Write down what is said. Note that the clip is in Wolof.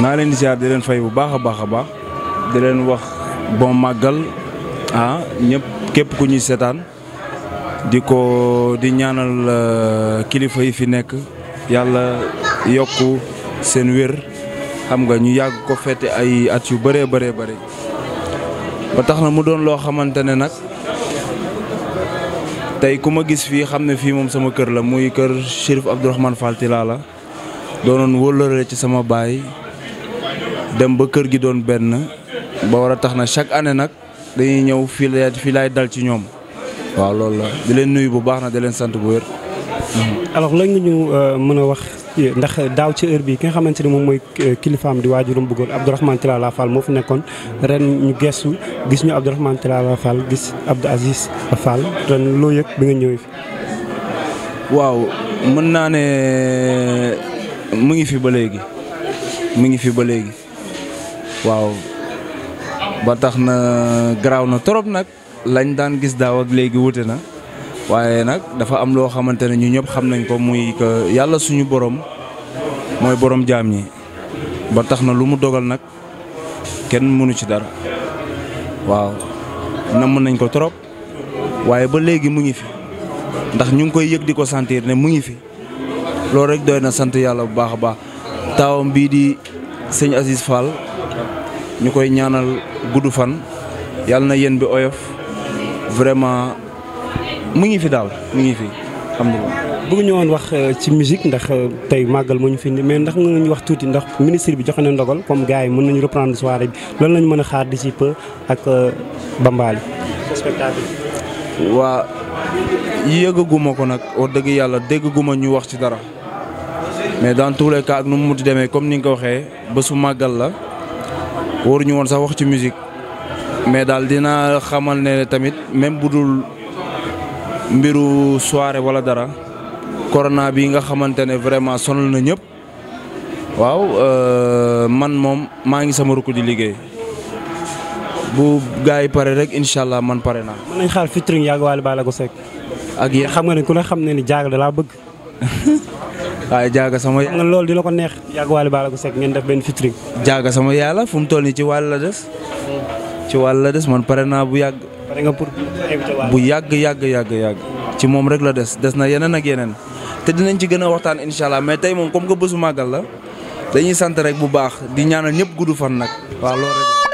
naa leen di ziar di leen fay bu baax a baax a baax di leen wax bon màggal ah ñëpp képp ku ñuy seetaan di ko di ñaanal euh, kilifa yi fi nekk yàlla yokk seen wér xam nga ñu yàgg ko fete ay at yu bare bëree bëri ba tax na mu doon loo xamante ne nag tey ku ma gis fii xam ne fii moom sama kër la muy kër Chérif Abdourahmane Fall Tilala doonoon wóllëre ci sama baay dem ba kër gi doon benn ba war a tax na chaque année nag dañuy ñëw fii la fii laay dal ci ñoom waaw loolu la di leen nuyu bu baax na di leen sant bu wér. alors lan nga ñu euh, mën a wax ndax daaw ci heure bi ki nga xamante ni moom mooy euh, kilifaam di waajuram bëggoon Abdourahmane Tilala Fall moo fi nekkoon ren ñu gestu gis ñu Abdourahmane Tilala Fall gis Abdou Aziz Fall ren loo yëg bi nga ñëwee fi. waaw mën naa ne mu ngi fi ba léegi mu ngi fi ba léegi waaw ba tax na garaaw na trop nag lañ daan gis daaw ak léegi wute na waaye nag dafa am loo xamante ne ñu ñëpp xam nañ ko muy que yàlla suñu boroom mooy boroom jaam yi ba tax na lu mu dogal nag kenn mënu ci dara waaw namm nañ ko trop waaye ba léegi mu ngi fi ndax ñu ngi koy yëg di ko sentir ne mu ngi fi. loolu rek doy na sant yàlla bu baax a baax taawam bii di sëñ Aziz Fall ñu koy ñaanal gudd fan yàlla na yéen bi oyof vraiment mu ngi fi daal mu ngi fi alhamdulilah. bëgg ñu woon wax euh, ci musique ndax euh, tey màggal moo ñu fi indi mais ndax mën nañu wax tuuti ndax ministre bi joxe na ndogal comme gars yi mën nañu reprendre soirée bi loolu lañu mën a xaar d'ici peu ak euh, Bambaali. spectacle waa yëgaguma ko nag wax dëgg yàlla déggaguma ñu wax ci dara. mais dans tous les cas ak nu mu munti demee comme ni nga ko waxee bésu màggal la waruñu woon sax wax ci musique mais daal dinaa xamal ne tamit même bu dul mbiru soire wala dara corona bi nga xamante ne vraiment sonal na ñëpp waaw euh, man moom maa ngi sama rukk di liggéey bu gars yi pare rek incha allah man pare naa. mën nañ xaar featuring yàgg la ko Seck. ak yéen xam nga ne ku ne xam ne ni jaagal laa bëgg. waaye jaaga sama. xam nga loolu dina ko neex yàgg Wally Ballago Seck ngeen def benn featuring. yàlla fu toll nii ci wàll la des. ci wàll la des man pare naa bu yàgg. pour bu yàgg yàgg yàgg yàgg. ci moom rek la des des na yeneen ak yeneen. te dinañ ci gën a waxtaan incha allah mais tey moom comme que bésu màggal la dañuy sant rek bu baax di ñaanal ñëpp gudd fan nag.